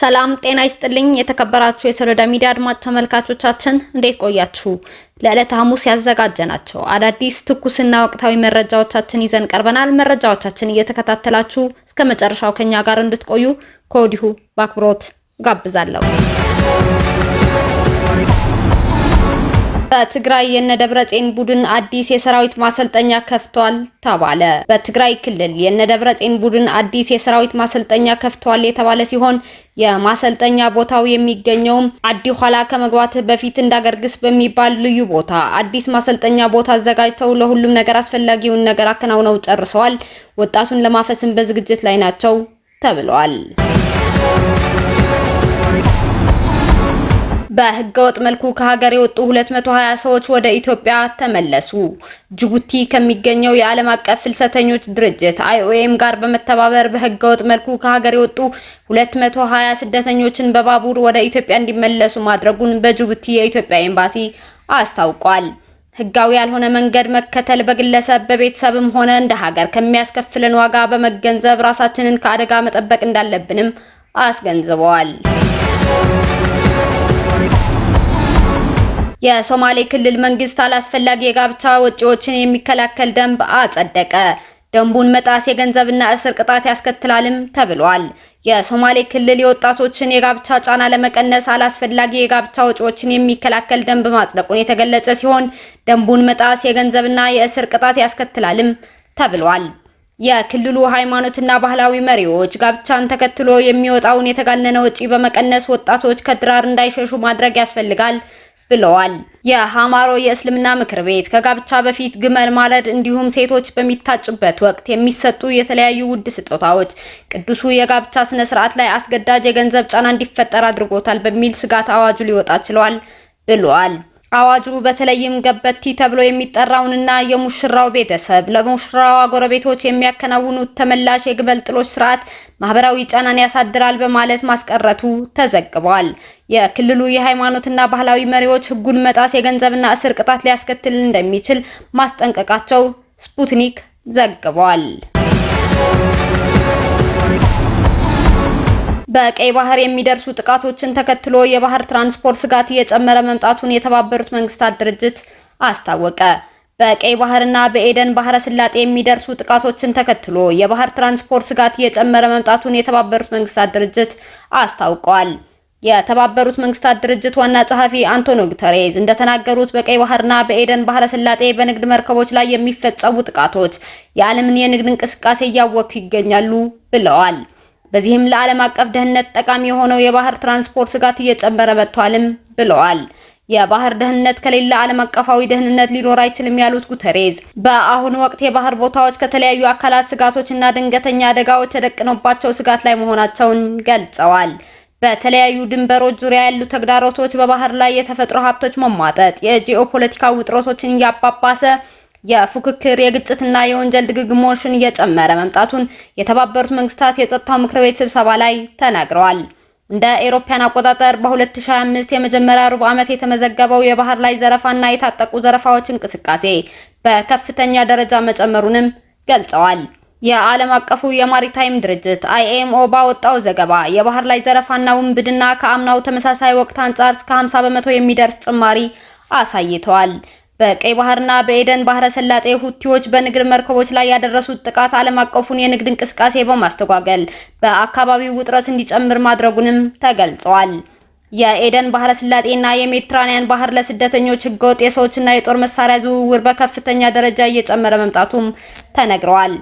ሰላም ጤና ይስጥልኝ። የተከበራችሁ የሶሎዳ ሚዲያ አድማጭ ተመልካቾቻችን እንዴት ቆያችሁ? ለዕለተ ሐሙስ ያዘጋጀናቸው አዳዲስ ትኩስና ወቅታዊ መረጃዎቻችን ይዘን ቀርበናል። መረጃዎቻችን እየተከታተላችሁ እስከ መጨረሻው ከኛ ጋር እንድትቆዩ ከወዲሁ በአክብሮት ጋብዛለሁ። በትግራይ የነደብረጼን ቡድን አዲስ የሰራዊት ማሰልጠኛ ከፍቷል ተባለ። በትግራይ ክልል የነደብረጼን ቡድን አዲስ የሰራዊት ማሰልጠኛ ከፍቷል የተባለ ሲሆን የማሰልጠኛ ቦታው የሚገኘውም አዲ ኋላ ከመግባት በፊት እንዳገርግስ በሚባል ልዩ ቦታ አዲስ ማሰልጠኛ ቦታ አዘጋጅተው ለሁሉም ነገር አስፈላጊውን ነገር አከናውነው ጨርሰዋል። ወጣቱን ለማፈስም በዝግጅት ላይ ናቸው ተብሏል። በህገወጥ መልኩ ከሀገር የወጡ 220 ሰዎች ወደ ኢትዮጵያ ተመለሱ። ጅቡቲ ከሚገኘው የዓለም አቀፍ ፍልሰተኞች ድርጅት አይኦኤም ጋር በመተባበር በህገወጥ መልኩ ከሀገር የወጡ 220 ስደተኞችን በባቡር ወደ ኢትዮጵያ እንዲመለሱ ማድረጉን በጅቡቲ የኢትዮጵያ ኤምባሲ አስታውቋል። ህጋዊ ያልሆነ መንገድ መከተል በግለሰብ በቤተሰብም ሆነ እንደ ሀገር ከሚያስከፍለን ዋጋ በመገንዘብ ራሳችንን ከአደጋ መጠበቅ እንዳለብንም አስገንዝበዋል። የሶማሌ ክልል መንግስት አላስፈላጊ የጋብቻ ወጪዎችን የሚከላከል ደንብ አጸደቀ። ደንቡን መጣስ የገንዘብና እስር ቅጣት ያስከትላልም ተብሏል። የሶማሌ ክልል የወጣቶችን የጋብቻ ጫና ለመቀነስ አላስፈላጊ የጋብቻ ወጪዎችን የሚከላከል ደንብ ማጽደቁን የተገለጸ ሲሆን ደንቡን መጣስ የገንዘብና የእስር ቅጣት ያስከትላልም ተብሏል። የክልሉ ሃይማኖትና ባህላዊ መሪዎች ጋብቻን ተከትሎ የሚወጣውን የተጋነነ ወጪ በመቀነስ ወጣቶች ከድራር እንዳይሸሹ ማድረግ ያስፈልጋል ብለዋል። የሃማሮ የእስልምና ምክር ቤት ከጋብቻ በፊት ግመል ማለድ እንዲሁም ሴቶች በሚታጭበት ወቅት የሚሰጡ የተለያዩ ውድ ስጦታዎች ቅዱሱ የጋብቻ ስነ ስርዓት ላይ አስገዳጅ የገንዘብ ጫና እንዲፈጠር አድርጎታል በሚል ስጋት አዋጁ ሊወጣ ችሏል ብለዋል። አዋጁ በተለይም ገበቲ ተብሎ የሚጠራውንና የሙሽራው ቤተሰብ ለሙሽራዋ ጎረቤቶች የሚያከናውኑት ተመላሽ የግመል ጥሎች ስርዓት ማህበራዊ ጫናን ያሳድራል በማለት ማስቀረቱ ተዘግቧል። የክልሉ የሃይማኖትና ባህላዊ መሪዎች ህጉን መጣስ የገንዘብና እስር ቅጣት ሊያስከትል እንደሚችል ማስጠንቀቃቸው ስፑትኒክ ዘግቧል። በቀይ ባህር የሚደርሱ ጥቃቶችን ተከትሎ የባህር ትራንስፖርት ስጋት እየጨመረ መምጣቱን የተባበሩት መንግስታት ድርጅት አስታወቀ። በቀይ ባህርና በኤደን ባህረ ስላጤ የሚደርሱ ጥቃቶችን ተከትሎ የባህር ትራንስፖርት ስጋት እየጨመረ መምጣቱን የተባበሩት መንግስታት ድርጅት አስታውቋል። የተባበሩት መንግስታት ድርጅት ዋና ጸሐፊ አንቶኒዮ ጉተሬዝ እንደተናገሩት በቀይ ባህርና በኤደን ባህረ ስላጤ በንግድ መርከቦች ላይ የሚፈጸሙ ጥቃቶች የዓለምን የንግድ እንቅስቃሴ እያወኩ ይገኛሉ ብለዋል። በዚህም ለዓለም አቀፍ ደህንነት ጠቃሚ የሆነው የባህር ትራንስፖርት ስጋት እየጨመረ መጥቷልም ብለዋል። የባህር ደህንነት ከሌለ ዓለም አቀፋዊ ደህንነት ሊኖር አይችልም ያሉት ጉተሬዝ በአሁኑ ወቅት የባህር ቦታዎች ከተለያዩ አካላት ስጋቶችና ድንገተኛ አደጋዎች ተደቅኖባቸው ስጋት ላይ መሆናቸውን ገልጸዋል። በተለያዩ ድንበሮች ዙሪያ ያሉ ተግዳሮቶች፣ በባህር ላይ የተፈጥሮ ሀብቶች መሟጠጥ የጂኦፖለቲካ ውጥረቶችን እያባባሰ የፉክክር የግጭትና የወንጀል ድግግሞሽን እየጨመረ መምጣቱን የተባበሩት መንግስታት የጸጥታው ምክር ቤት ስብሰባ ላይ ተናግረዋል። እንደ ኤሮፓያን አቆጣጠር በ2025 የመጀመሪያ ሩብ ዓመት የተመዘገበው የባህር ላይ ዘረፋና የታጠቁ ዘረፋዎች እንቅስቃሴ በከፍተኛ ደረጃ መጨመሩንም ገልጸዋል። የዓለም አቀፉ የማሪታይም ድርጅት አይኤምኦ ባወጣው ዘገባ የባህር ላይ ዘረፋና ውንብድና ከአምናው ተመሳሳይ ወቅት አንጻር እስከ 50 በመቶ የሚደርስ ጭማሪ አሳይተዋል። በቀይ ባህርና በኤደን ባህረ ሰላጤ ሁቲዎች በንግድ መርከቦች ላይ ያደረሱት ጥቃት ዓለም አቀፉን የንግድ እንቅስቃሴ በማስተጓገል በአካባቢው ውጥረት እንዲጨምር ማድረጉንም ተገልጸዋል። የኤደን ባህረ ስላጤና የሜዲትራኒያን ባህር ለስደተኞች ህገወጥ የሰዎችና የጦር መሳሪያ ዝውውር በከፍተኛ ደረጃ እየጨመረ መምጣቱም ተነግረዋል።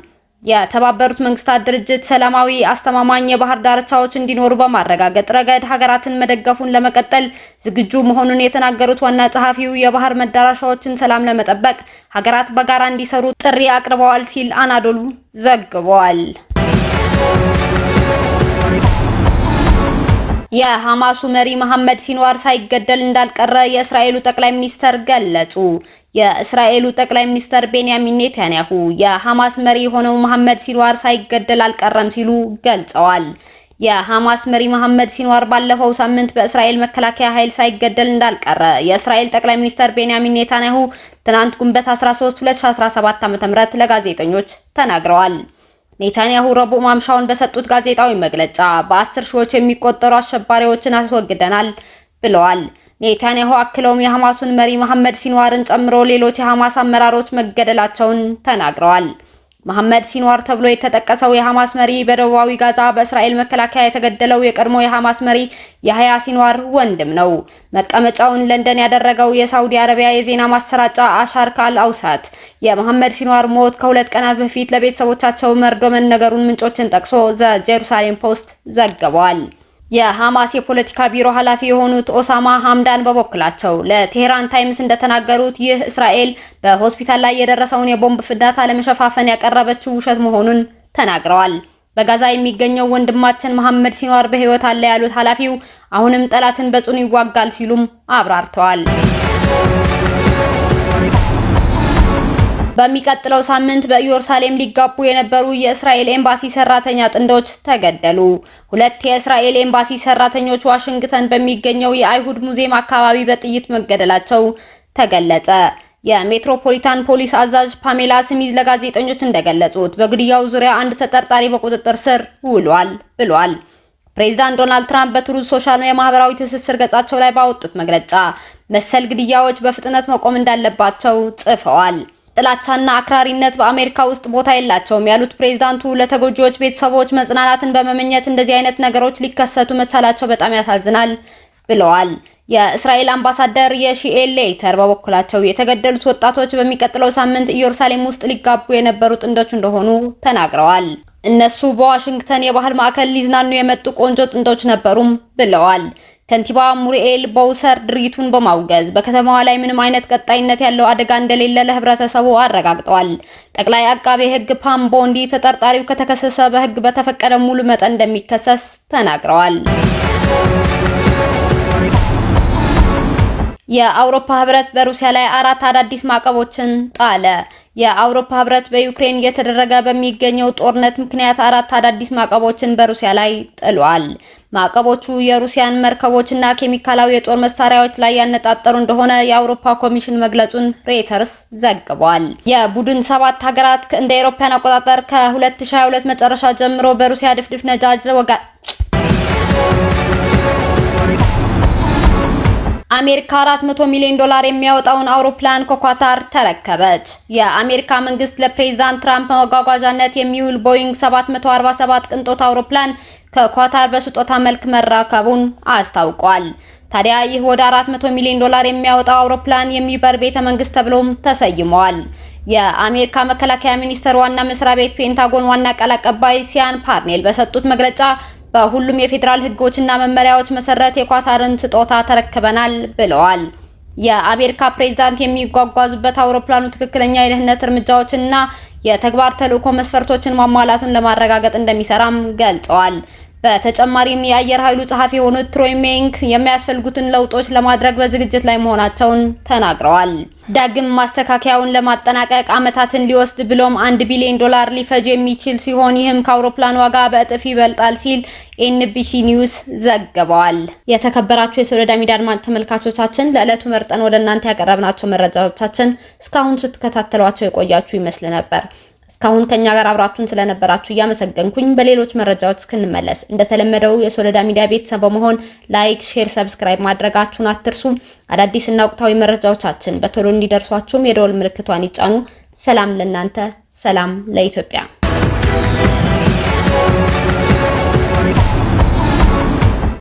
የተባበሩት መንግስታት ድርጅት ሰላማዊ፣ አስተማማኝ የባህር ዳርቻዎች እንዲኖሩ በማረጋገጥ ረገድ ሀገራትን መደገፉን ለመቀጠል ዝግጁ መሆኑን የተናገሩት ዋና ጸሐፊው የባህር መዳረሻዎችን ሰላም ለመጠበቅ ሀገራት በጋራ እንዲሰሩ ጥሪ አቅርበዋል ሲል አናዶሉ ዘግቧል። የሐማሱ መሪ መሐመድ ሲንዋር ሳይገደል እንዳልቀረ የእስራኤሉ ጠቅላይ ሚኒስተር ገለጹ። የእስራኤሉ ጠቅላይ ሚኒስተር ቤንያሚን ኔታንያሁ የሐማስ መሪ የሆነው መሐመድ ሲንዋር ሳይገደል አልቀረም ሲሉ ገልጸዋል። የሐማስ መሪ መሐመድ ሲንዋር ባለፈው ሳምንት በእስራኤል መከላከያ ኃይል ሳይገደል እንዳልቀረ የእስራኤል ጠቅላይ ሚኒስተር ቤንያሚን ኔታንያሁ ትናንት ግንቦት 13 2017 ዓ.ም ለጋዜጠኞች ተናግረዋል። ኔታንያሁ ረቡዕ ማምሻውን በሰጡት ጋዜጣዊ መግለጫ በአስር ሺዎች የሚቆጠሩ አሸባሪዎችን አስወግደናል ብለዋል። ኔታንያሁ አክለውም የሐማሱን መሪ መሐመድ ሲንዋርን ጨምሮ ሌሎች የሐማስ አመራሮች መገደላቸውን ተናግረዋል። መሐመድ ሲንዋር ተብሎ የተጠቀሰው የሐማስ መሪ በደቡባዊ ጋዛ በእስራኤል መከላከያ የተገደለው የቀድሞ የሐማስ መሪ የሀያ ሲንዋር ወንድም ነው። መቀመጫውን ለንደን ያደረገው የሳውዲ አረቢያ የዜና ማሰራጫ አሻርክ አል አውሳት የመሐመድ ሲንዋር ሞት ከሁለት ቀናት በፊት ለቤተሰቦቻቸው መርዶ መነገሩን ምንጮችን ጠቅሶ ዘ ጄሩሳሌም ፖስት ዘግቧል። የሐማስ የፖለቲካ ቢሮ ኃላፊ የሆኑት ኦሳማ ሐምዳን በበኩላቸው ለቴሄራን ታይምስ እንደተናገሩት ይህ እስራኤል በሆስፒታል ላይ የደረሰውን የቦምብ ፍንዳታ ለመሸፋፈን ያቀረበችው ውሸት መሆኑን ተናግረዋል። በጋዛ የሚገኘው ወንድማችን መሐመድ ሲኗር በህይወት አለ ያሉት ኃላፊው አሁንም ጠላትን በጽኑ ይዋጋል ሲሉም አብራርተዋል። በሚቀጥለው ሳምንት በኢየሩሳሌም ሊጋቡ የነበሩ የእስራኤል ኤምባሲ ሰራተኛ ጥንዶች ተገደሉ። ሁለት የእስራኤል ኤምባሲ ሰራተኞች ዋሽንግተን በሚገኘው የአይሁድ ሙዚየም አካባቢ በጥይት መገደላቸው ተገለጸ። የሜትሮፖሊታን ፖሊስ አዛዥ ፓሜላ ስሚዝ ለጋዜጠኞች እንደገለጹት በግድያው ዙሪያ አንድ ተጠርጣሪ በቁጥጥር ስር ውሏል ብሏል። ፕሬዚዳንት ዶናልድ ትራምፕ በትሩዝ ሶሻል የማህበራዊ ትስስር ገጻቸው ላይ ባወጡት መግለጫ መሰል ግድያዎች በፍጥነት መቆም እንዳለባቸው ጽፈዋል። ጥላቻና አክራሪነት በአሜሪካ ውስጥ ቦታ የላቸውም ያሉት ፕሬዚዳንቱ ለተጎጂዎች ቤተሰቦች መጽናናትን በመመኘት እንደዚህ አይነት ነገሮች ሊከሰቱ መቻላቸው በጣም ያሳዝናል ብለዋል። የእስራኤል አምባሳደር የሺኤል ሌይተር በበኩላቸው የተገደሉት ወጣቶች በሚቀጥለው ሳምንት ኢየሩሳሌም ውስጥ ሊጋቡ የነበሩ ጥንዶች እንደሆኑ ተናግረዋል። እነሱ በዋሽንግተን የባህል ማዕከል ሊዝናኑ የመጡ ቆንጆ ጥንዶች ነበሩም ብለዋል። ከንቲባ ሙሪኤል ቦውሰር ድርጊቱን በማውገዝ በከተማዋ ላይ ምንም አይነት ቀጣይነት ያለው አደጋ እንደሌለ ለህብረተሰቡ አረጋግጠዋል። ጠቅላይ አቃቤ ህግ ፓም ቦንዲ ተጠርጣሪው ከተከሰሰ በህግ በተፈቀደ ሙሉ መጠን እንደሚከሰስ ተናግረዋል። የአውሮፓ ህብረት በሩሲያ ላይ አራት አዳዲስ ማዕቀቦችን ጣለ። የአውሮፓ ህብረት በዩክሬን እየተደረገ በሚገኘው ጦርነት ምክንያት አራት አዳዲስ ማዕቀቦችን በሩሲያ ላይ ጥሏል። ማዕቀቦቹ የሩሲያን መርከቦችና ኬሚካላዊ የጦር መሳሪያዎች ላይ ያነጣጠሩ እንደሆነ የአውሮፓ ኮሚሽን መግለጹን ሬተርስ ዘግቧል። የቡድን ሰባት ሀገራት እንደ አውሮፓውያን አቆጣጠር ከ2022 መጨረሻ ጀምሮ በሩሲያ ድፍድፍ ነዳጅ ወጋ አሜሪካ 400 ሚሊዮን ዶላር የሚያወጣውን አውሮፕላን ከኳታር ተረከበች። የአሜሪካ መንግስት ለፕሬዝዳንት ትራምፕ መጓጓዣነት የሚውል ቦይንግ 747 ቅንጦት አውሮፕላን ከኳታር በስጦታ መልክ መራከቡን አስታውቋል። ታዲያ ይህ ወደ 400 ሚሊዮን ዶላር የሚያወጣው አውሮፕላን የሚበር ቤተ መንግስት ተብሎም ተሰይሟል። የአሜሪካ መከላከያ ሚኒስቴር ዋና መስሪያ ቤት ፔንታጎን ዋና ቃል አቀባይ ሲያን ፓርኔል በሰጡት መግለጫ በሁሉም የፌዴራል ህጎችና መመሪያዎች መሰረት የኳታርን ስጦታ ተረክበናል ብለዋል። የአሜሪካ ፕሬዝዳንት የሚጓጓዙበት አውሮፕላኑ ትክክለኛ የደህንነት እርምጃዎችና የተግባር ተልእኮ መስፈርቶችን ማሟላቱን ለማረጋገጥ እንደሚሰራም ገልጸዋል። በተጨማሪም የአየር ኃይሉ ጸሐፊ የሆኑት ትሮይ ሜንክ የሚያስፈልጉትን ለውጦች ለማድረግ በዝግጅት ላይ መሆናቸውን ተናግረዋል። ዳግም ማስተካከያውን ለማጠናቀቅ ዓመታትን ሊወስድ ብሎም አንድ ቢሊዮን ዶላር ሊፈጅ የሚችል ሲሆን ይህም ከአውሮፕላን ዋጋ በእጥፍ ይበልጣል ሲል ኤንቢሲ ኒውስ ዘግበዋል። የተከበራችሁ የሶለዳ ሚዲያ አድማጭ ተመልካቾቻችን ለዕለቱ መርጠን ወደ እናንተ ያቀረብናቸው መረጃዎቻችን እስካሁን ስትከታተሏቸው የቆያችሁ ይመስል ነበር። እስካሁን ከኛ ጋር አብራችሁን ስለነበራችሁ እያመሰገንኩኝ በሌሎች መረጃዎች እስክንመለስ እንደተለመደው የሶለዳ ሚዲያ ቤተሰብ በመሆን ላይክ፣ ሼር፣ ሰብስክራይብ ማድረጋችሁን አትርሱ። አዳዲስ እና ወቅታዊ መረጃዎቻችን በቶሎ እንዲደርሷችሁም የደወል ምልክቷን ይጫኑ። ሰላም ለእናንተ፣ ሰላም ለኢትዮጵያ።